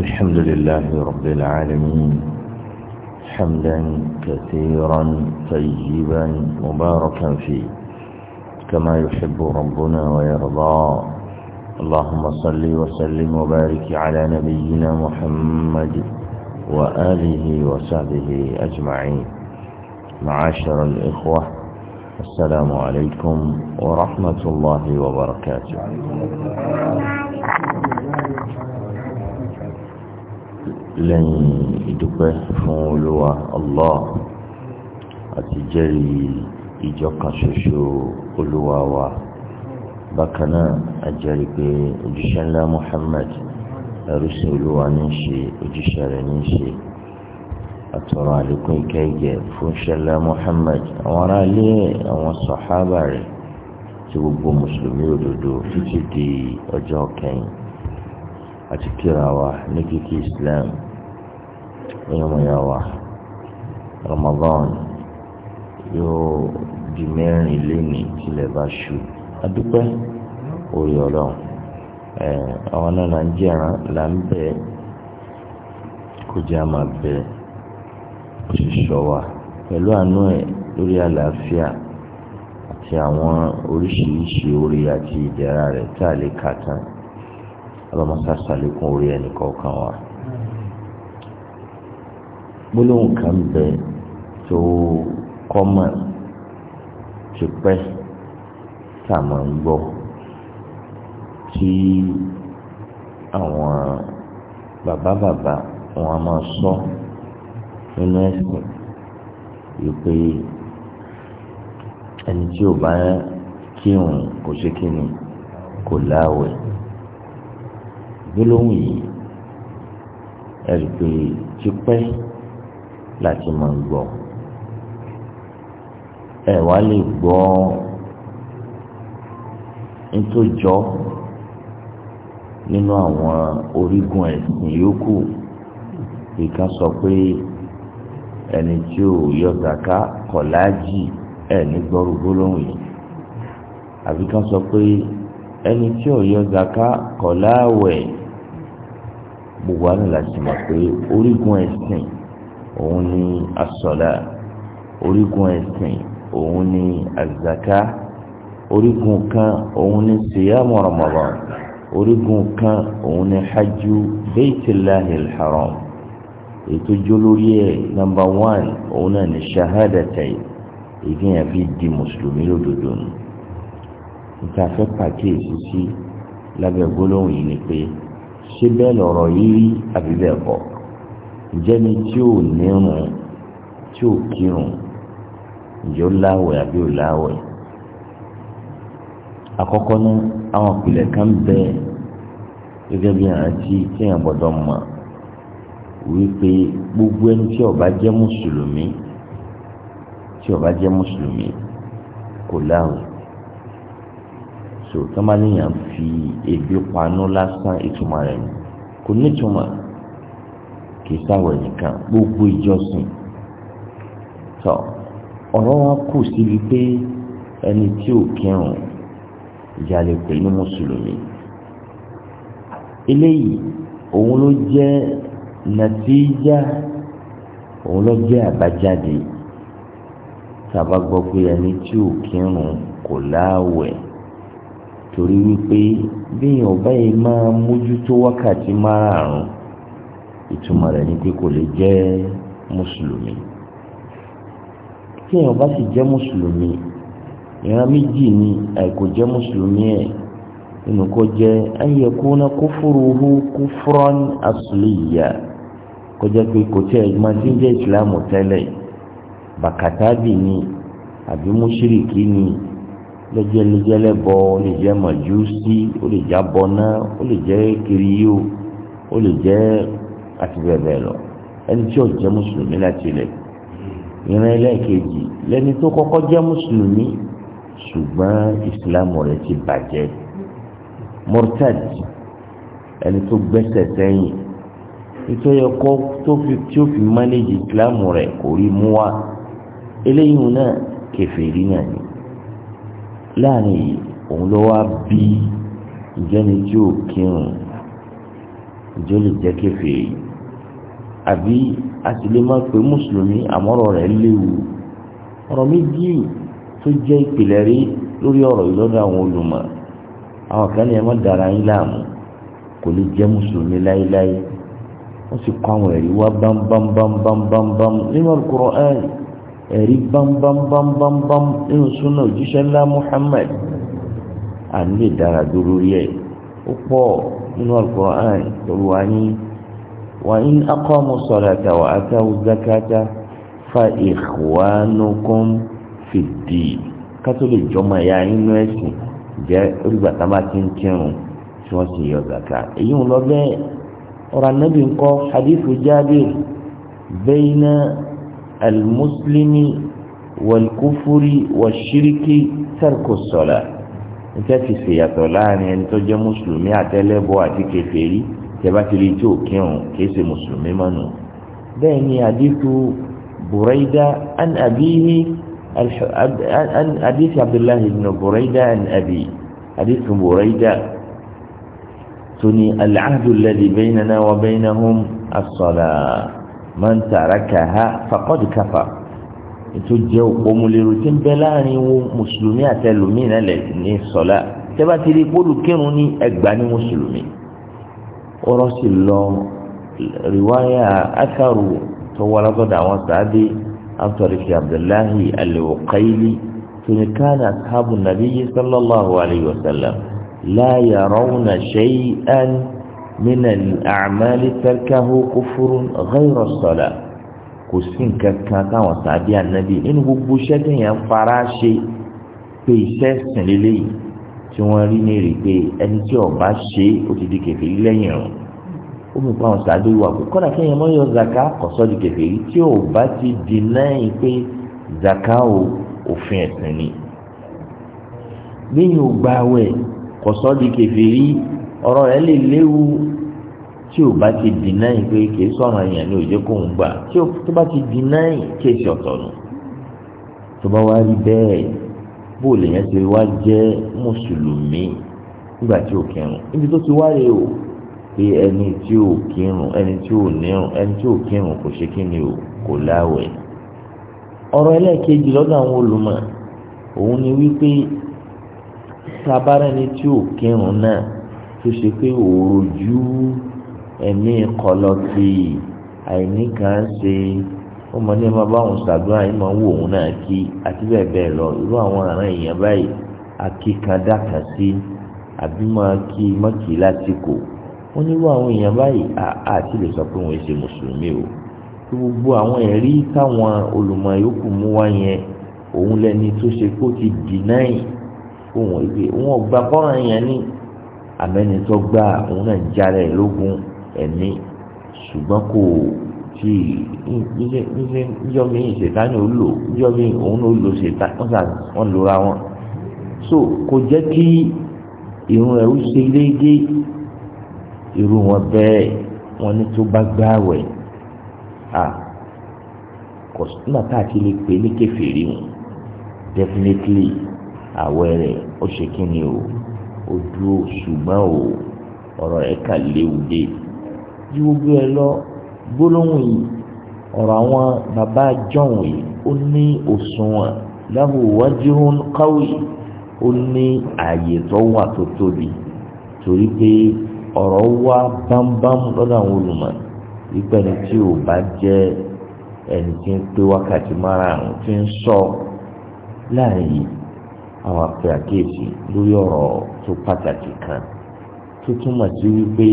الحمد لله رب العالمين حمدا كثيرا طيبا مباركا فيه كما يحب ربنا ويرضى اللهم صل وسلم وبارك على نبينا محمد وآله وصحبه أجمعين معاشر الإخوة السلام عليكم ورحمة الله وبركاته lẹ́yìn ìdúpẹ́ fún olúwa Allah àti jẹ́rìí ìjọ kan ṣoṣo olúwa wa bákan náà a jẹ́rìí pé òjíṣẹ́ ńlá Muhammad ẹrú sí olúwa ní ṣe òjíṣẹ́ rẹ̀ ní ṣe àtọ̀rọ̀ àlékún ìkẹ́gẹ́ fún ṣẹlẹ̀ Muhammad àwọn aráalé àwọn sọ̀hábà rẹ̀ tí gbogbo mùsùlùmí òdodo títí di ọjọ́ kẹyìn àti kíra ní kíkí Islam ẹ̀yọ́mọ̀ ya wá Ramadan yóò di mẹ́rin léni tilẹ̀ bá ṣù adúpẹ́ orí ọlọ́run ẹ̀ àwọn náà là ń jẹran là ń bẹ kó jẹ́ àmà bẹ òṣìṣọ́ wa pẹ̀lú àánú ẹ̀ lórí àlàáfíà àti àwọn oríṣiríṣi orí àti ìdẹ̀ra rẹ̀ tá a lè kà tán ọlọ́mọ sá orí ẹnì kọ̀ọ̀kan wa. gbólóhùn kan bẹ tó kọ́mọ̀ ti pẹ́ tá a máa ń gbọ́ tí àwọn bàbá bàbá wọn a máa sọ nínú ẹ̀sìn wípé ẹni tí ò bá kírun kò ṣe kírun kò láwẹ̀ gbólóhùn yìí ẹ̀rì pé ti pẹ́ láti máa gbọ́ ẹ wá lè gbọ́ nítòjọ́ nínú àwọn orígun ẹ̀sìn yòókù ìka sọ pé ẹni tí ò yọ zaka kọ̀láàjì ẹ̀ ní gbọ́rú gbólóhùn yìí àbí kan sọ pé ẹni tí ò yọ zaka kọ̀láàwẹ̀ gbogbo àná láti mọ̀ pé orígun ẹ̀sìn òun ni asọ̀lá orígun ẹ̀sìn òun ni àzàká orígun kan òun ni síyámù Ramadan orígun kan òun ni hajju bẹ́ẹ̀tìláhì haram ètò jólórí ẹ̀ nàmbà wán òun náà ni ṣahádàtàì ìgbìyàn fi di mùsùlùmí lódodo nù níta fẹ́ pàkíyèsí sí lábẹ́ gbólóhùn yìí ni pé ṣé bẹ́ẹ̀ lọ̀rọ̀ yìí àbí bẹ́ẹ̀ kọ́ ìjẹni tí ò nírun tí ò kírun ìjọ láwẹ̀ àbí ò láwẹ̀ àkọ́kọ́ náà àwọn ìpìlẹ̀ kan bẹ gẹ́gẹ́ bí àrántí téèyàn gbọ́dọ̀ mọ̀ wípé gbogbo ẹni tí ó bá jẹ́ mùsùlùmí tí ó bá jẹ́ mùsùlùmí kò láwẹ̀ so tọ́mọ́léèyàn fi ebi panu lásán ìtumọ̀ rẹ̀ kò nítumọ̀ kì í sáwọ ẹnìkan gbogbo ìjọsìn tọ ọ̀rọ̀ wa kù síbi pé ẹni tí ò kírun ìyá lè pè ní mùsùlùmí eléyìí òun ló jẹ́ nàtíjà òun ló jẹ́ àbájáde tàbá gbọ́ pé ẹni tí ò kírun kò láàwẹ̀ torí wípé bí èèyàn báyìí máa mójútó wákàtí márààrún ìtumọ̀ rẹ̀ ni pé kò lè jẹ́ mùsùlùmí tí èèyàn bá sì jẹ́ mùsùlùmí ìran méjì ni àìkò jẹ́ mùsùlùmí ẹ̀ nínú kó jẹ́ ayé kóná kufruhu kufran asliya kó jẹ́ pé kò tí ẹ̀ máa ń jẹ́ ìsìlámù tẹ́lẹ̀ bàkàtàbì ni àbí mùṣírìkì ni lẹ́jẹ́lẹ́jẹ́lẹ́ bọ ó lè jẹ́ màjúsí ó lè jábọ náà ó lè jẹ́ kiriyó ó lè jẹ́ àti bẹ́ẹ̀ bẹ́ẹ̀ lọ ẹni tí ó jẹ́ mùsùlùmí láti ilẹ̀ ìran ẹlẹ́ẹ̀kejì lẹ́ni tó kọ́kọ́ jẹ́ mùsùlùmí ṣùgbọ́n ìsìlámù rẹ̀ ti bàjẹ́ murtad ẹni tó gbẹ́sẹ̀ sẹ́yìn nítorí ẹ̀kọ́ tí ó fi mánéjì ìsìlámù rẹ̀ kò rí mú wá eléyìí náà kèfèrí náà ni láàrin yìí òun ló wá bí ìjẹni tí ò kírun ìjọ lè jẹ́ kèfèrí àbí a sì lè máa pè mùsùlùmí àmọ́rọ̀ rẹ̀ léwu ọ̀rọ̀ méjì tó jẹ́ ìpìlẹ̀ rí lórí ọ̀rọ̀ ìlọ́dọ̀ àwọn olùmọ̀ àwọn kan ní ẹ má dara yín láàmú kò lè jẹ́ mùsùlùmí láéláé wọ́n sì kọ́ àwọn ẹ̀rí wá bámbámbámbámbámbám nínú Al-Qur'an ẹ̀rí bámbámbámbámbám nínú súnà òjíṣẹ́ ńlá Muhammad à ń lè dára dúró rí ẹ̀ ó pọ̀ nínú Al-Qur'an torí wa ní wa in aqamu salata wa atawu zakata fa ikhwanukum fid-din kátó lè jọmọ ẹ̀yà nínú ẹ̀sìn jẹ́ olùgbàtà bá ti ń kírun tí wọ́n sì yọ zaka èyí ń lọ bẹ́ẹ̀ ọ̀rọ̀ anábì ń hadithu Jabir bayna al-muslimi wal-kufri wash níta ti ṣèyàtọ̀ láàrin ẹni tó jẹ́ mùsùlùmí àtẹlẹ́bọ àti kèfèrí tẹ́bá ti rí tí ò kírun kìí ṣe mùsùlùmí mọ́nu. bẹ́ẹ̀ ni àdìsù buraida an abihi an àdìsù abdullahi ibn buraida an abi àdìsù buraida tó ní al-ahdu alladhi baynana wa baynahum as-salah man tarakaha faqad kafara ètò jẹ́ òpómúlérò tí ń bẹ láàrin wo mùsùlùmí àti ẹlòmíì náà lẹ̀ ní sọ́lá tẹ́bá ti rí pólù kírun ní ẹgbà ní mùsùlùmí ọ̀rọ̀ sì lọ rìwáyà akaru tó wà látọ̀dọ̀ àwọn sàádé àtọ̀rìkì abdullahi al-Uqayli tuni kana ashabu nabiyyi sallallahu alayhi wa sallam la yarawna shay'an min al-a'mali tarkahu kufrun ghayra as kò sí nǹkan kan táwọn sàbí ànábì nínú gbogbo iṣẹ́ téèyàn fara ṣe pé iṣẹ́ sìn lélẹ́yìí tí wọ́n rí ní rí pé ẹni tí ọba ṣe ó ti di kèfèrí lẹ́yìn rùn ó mú pa àwọn sàbí wà kó kọ́dà kéèyàn mọ́ yọ zaka kọ̀sọ́ di kèfèrí tí ọba ti di náà pé zaka o òfin ẹ̀sìn ni lẹ́yìn ògbà wẹ̀ kọ̀sọ́ di kèfèrí ọ̀rọ̀ rẹ̀ lè léwu tí o bá ti deny pé kìí sọ̀rọ̀ èèyàn ní òjò kò ń gbà tí o tó bá ti deny kéèsì ọ̀tọ̀ nù tó bá wá rí bẹ́ẹ̀ bó lèèyàn ti wá jẹ́ mùsùlùmí nígbà tí o kírun níbi tó ti wá o pé ẹni tí o kírun ẹni tí o nírun ẹni tí o kírun kò ṣe kí ni o kò láwẹ̀ ọ̀rọ̀ ẹlẹ́ẹ̀kejì lọ́dọ̀ àwọn olùmọ̀ òun ni wípé sábàrẹ́ni tí o kírun náà tó ṣe pé òòrò ẹ̀mí kọlọ́tì àìní kan ṣe ó mọ ní ma báwọn ṣàdúrà yìí máa ń wò òun náà kí àti bẹ́ẹ̀ bẹ́ẹ̀ lọ irú àwọn àrà èèyàn báyìí akíkandá kan sí àbí máa kí mọ́kì lásìkò wọ́n nírú àwọn èèyàn báyìí àti lè sọ pé wọ́n ṣe mùsùlùmí o tí gbogbo àwọn ẹ̀rí táwọn olùmọ̀ yòókù mú wá yẹn òun lẹni tó ṣe kó ti dìnáì òun ìgbé òun ọgbà kọ́ra yẹn ní àmẹ́ni gbà òun náà ń jalè lógún ẹ̀mí ṣùgbọ́n kò tí níṣẹ́ níjọ́ mi ṣètánì ó lò níjọ́ mi òun ló lò ṣètánì wọ́n lora wọn so kò jẹ́ kí irun ẹ̀ ó ṣe léegé irú wọn bẹ́ẹ̀ wọ́n ní tó bá gbáwẹ̀ à kò nígbà tá a ti lè pè é ní kẹfìrí wọn definitely àwẹ̀ rẹ̀ ó ṣe kí ni o ó dúró ṣùgbọ́n o ọ̀rọ̀ ẹ̀ kà léwu dé ju gbogbo ẹ lọ gbólóhùn yìí ọ̀rọ̀ àwọn bàbá john yìí ó ní òṣùwọ̀n lahu wajhun qawi ó ní ààyè tó wà tó tóbi torí pé ọ̀rọ̀ wá bámbám lọ́dọ̀ àwọn olùmọ̀ wípé ẹni tí ò bá jẹ́ ẹni tí ń pé wákàtí márùn-ún tí ń sọ láàrin yìí àwọn apẹ àkéèsì lórí ọ̀rọ̀ tó pàtàkì kan tó túmọ̀ sí wípé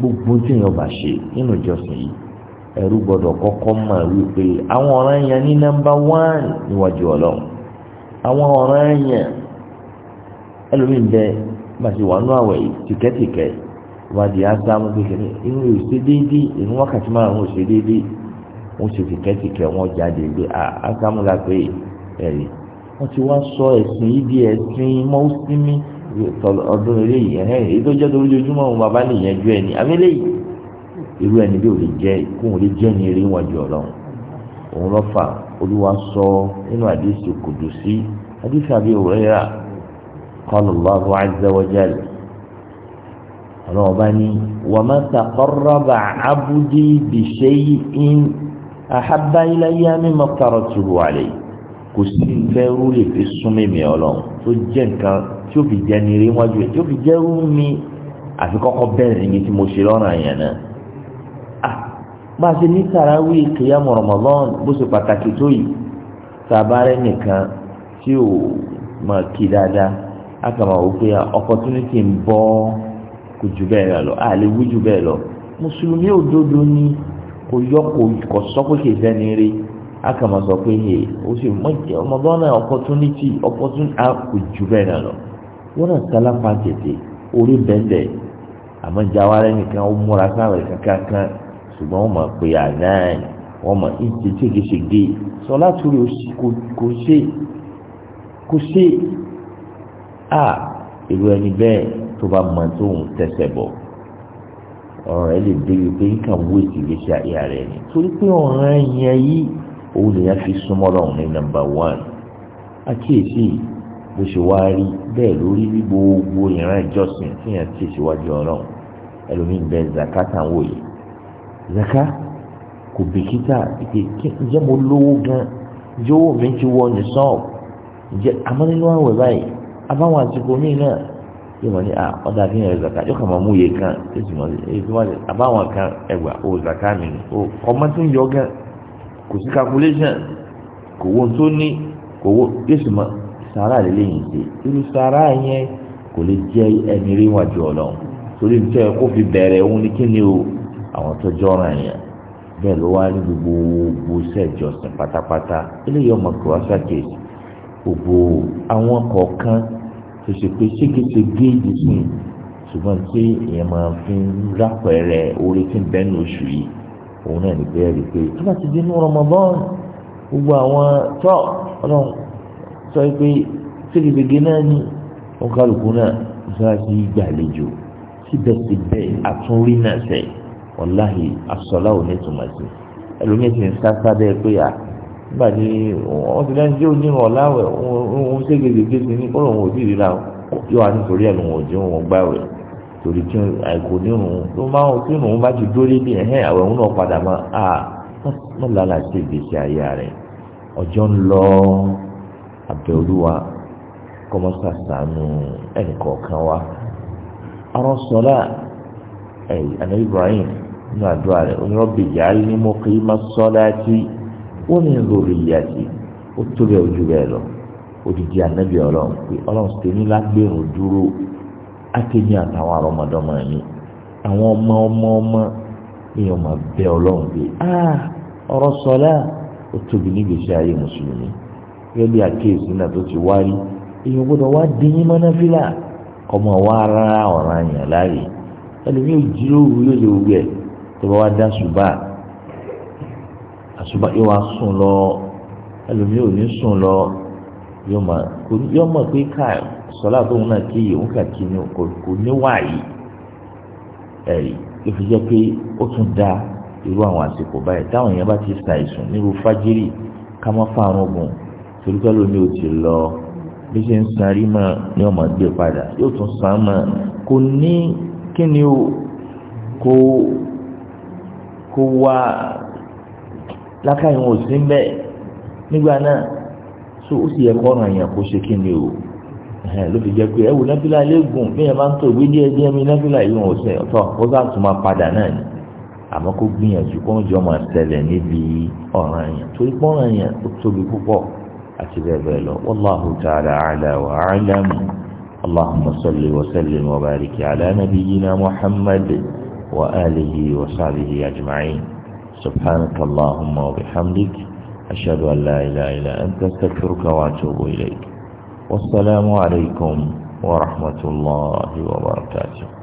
gbogbo tí èèyàn bá ṣe nínú ìjọsìn yìí ẹrú gbọ́dọ̀ kọ́kọ́ mọ̀ wípé àwọn ọ̀ràn yẹn ní nọ́mbà wán níwájú Ọlọ́run àwọn ọ̀ràn yẹn ẹlòmíín bẹ màṣẹ wà nù àwẹ̀ tìkẹtìkẹ wà di ásámú kékeré inú ìṣe déédéé inú wákàtí márùn ún ìṣe déédéé wọn ṣe tìkẹtìkẹ wọn jáde gbé ásámú la pé ẹrí wọn ti wá sọ ẹ̀sìn yìí di ẹ̀sìn mọ́símí ọdún eléyìí ẹ̀hẹ́n èyí tó jẹ́ tó lójoojúmọ́ òun bàbá lè yanjú ẹ̀ ní àmì eléyìí irú ẹni bí ò lè jẹ́ kóun lè jẹ́ ní eré wọn jù ọlọ́run òun lọ fà olúwa sọ nínú àdìsí kùdùsí àdìsí àbí òwúrẹ́yà qala Allahu azza wa jalla ọlọ́run bá ní wa ma taqarraba abdi bi shay'in ahabba ilayya mimma aftaratuhu alayhi kò sí fẹ́ rú fi súnmẹ́mẹ́ ọlọ́run tó jẹ́ nǹkan tí ó fi jẹ́ nire wájú ẹ̀ tí ó fi jẹ́ rú àfi kọ́kọ́ níbi tí mo ṣe lọ́rùn àyàn náà ah a ṣe ní sàráwì kìyàmù Ramadan bó ṣe pàtàkì tó yìí sàbárẹ́ nìkan tí ò máa kí dáadáa kà máa wò pé opportunity ń bọ́ kò jù bẹ́ẹ̀ lọ jù bẹ́ẹ̀ lọ mùsùlùmí òdodo ni kò yọ kò kò sọ pé kì í a kà wọn náà kálápá tètè orí bẹ́ẹ̀ àmọ́ jáwárẹ́ nìkan ó múra sáwẹ̀ kankan ṣùgbọ́n wọ́n mọ̀ pé àná wọ́n mọ̀ ìdí ségesège sọlá torí kò ṣe kò ṣe à èrò ẹni bẹ́ẹ̀ tó bá mọ tó ń tẹsẹ̀ bọ̀ ọ̀rọ̀ rẹ̀ lè débi pé nǹkan wó ìtìgbésí ayé rẹ̀ ni torí pé ọ̀ràn yẹn yìí òun lèyàn fi súnmọ́ lọ́hùn ní nọ́mbà wán àkíyèsí yìí bó ṣe wá rí bẹ́ẹ̀ lórí bí gbogbo ìran ìjọsìn fihàn tí ìṣèwájú ọlọ́run ẹlòmíín bẹ́ẹ̀ zaka tàn wò yìí zaka kò bìkítà ìpè ǹjẹ́ mo lówó gan ǹjẹ́ owó mi ti wọ ní sọ́ọ̀bù ǹjẹ́ àmọ́ nínú àwẹ̀ báyìí abáwọn àsìkò míì náà yóò wọ́n ní à ọ̀dà fi hàn zaka yóò kà máa mú iye kan yóò sì mọ̀ sí abáwọn kan ẹgbà ó zaka mi ni ó ọmọ tó ń yọ gan kò sí calculation kò wọ́n tó ní kò wọ́n yóò sì mọ̀ sàrà lélẹ́yìn ṣe irú sàrà yẹn kò lè jẹ́ ẹni rí wájú ọlọ́run torí nítorí kó fi bẹ̀rẹ̀ òun ní kíni o àwọn tó jọra yẹn bẹ́ẹ̀ ló wá ní gbogbo sẹ́ẹ̀jọsìn pátápátá eléyìí ọmọ kò wá sàkíyèsí gbogbo àwọn kọ̀ọ̀kan tó ṣe pé ségesège yìí sìn ṣùgbọ́n tí èèyàn máa fi ń rápẹ̀rẹ̀ orí tí ń bẹ́nu oṣù yìí òun náà ní bẹ́ẹ̀ rí pé tó bá ti di inú Ramadan gbogbo àwọn tó ọlọ́run sọ pé ségesège náà ni wọn kálukú náà mọ́sálásí gbàlejò síbẹ̀síbẹ̀ àtúnrí náà sẹ̀ wàláhì asọ́lá ò ní tùmọ̀ sí ẹlòmíín ti ń sáfá bẹ́ẹ̀ pé à nígbà tí wọ́n ti dájú ní ọ̀làwẹ̀ òun ségesège sí ní kọ́lọ̀ òun ò sì ríra yóò wá nítorí ẹ̀ lòun ò jẹ́ òun gbàwẹ̀ torí kí àìkò nínú tó máa ń tí òun bá ti dórí ní ẹ̀hẹ́ àwọn òun náà padà máa à mọ́ lálàá sí ìgbésí ayé rẹ̀ ọjọ́ ń lọ àbẹ̀olúwa kọ́mọ́sà sànù ẹnìkọ̀ọ̀kan wa ọ̀rọ̀ sọ́lá ẹ̀ àná Ibrahim nínú àdúrà rẹ̀ onírọ́bì yàrá ní mo kì í má sọ́lá tí ó ní lórí ìyá tí ó tóbi ojú rẹ̀ lọ odidi anabi Ọlọ́run pé Ọlọ́run tèmi lágbèrún dúró akémi àtàwọn àrọmọdọ́mọ mi àwọn ọmọ ọmọ ọmọ èèyàn máa bẹ Ọlọ́run pé ọ̀rọ̀ ah, sọ́lá ó tóbi nígbèsè ayé mùsùlùmí gẹ́gẹ́ bí àkéèsí náà tó ti wárí èèyàn gbọ́dọ̀ wá dín mọ́ná fílà ọmọ wa rárá ọ̀ràn yẹn láàyè ẹlòmíì ò jíròrò yóò lè wú ẹ tó bá wá dá àṣùbà àṣùbà yóò wá sùn lọ ẹlòmíì ò ní sùn lọ yóò mọ yóò mọ pé ká sọlá tóun náà kí yìí òun kà kí ni kò ní wáyé ẹ ló fi pé ó tún da irú àwọn àsìkò báyìí táwọn èèyàn bá ti ṣàìsùn nírú fájírì ká má fáwọn ogun torúkọ lómi ò ti lọ bí ṣe ń san rí mọ ni ọmọ gbé padà yóò tún san mọ kò ní kí ni o kò kò wá lákàyìn òsì ń bẹ nígbà náà tó ó sì yẹ kọ́ ọ̀ràn yẹn kó ṣe kí ni o ló fi jẹ́ pé ẹ̀wù nábìlà lẹ́gùn bẹ́ẹ̀ máa ń tó ìwé díẹ̀ díẹ̀ mi nábìlà yìí wọ́n ṣe ọ̀tọ̀ ó sá tún máa padà náà ni àmọ́ kó gbìyànjú kó ń jọ máa tẹ̀lẹ̀ níbi ọ̀ràn yẹn torí pé yẹn ó tóbi púpọ̀. اعتذابه والله تعالى اعلى واعلم اللهم صل وسلم وبارك على نبينا محمد واله وصحبه اجمعين سبحانك اللهم وبحمدك اشهد ان لا اله الا انت استغفرك واتوب اليك والسلام عليكم ورحمه الله وبركاته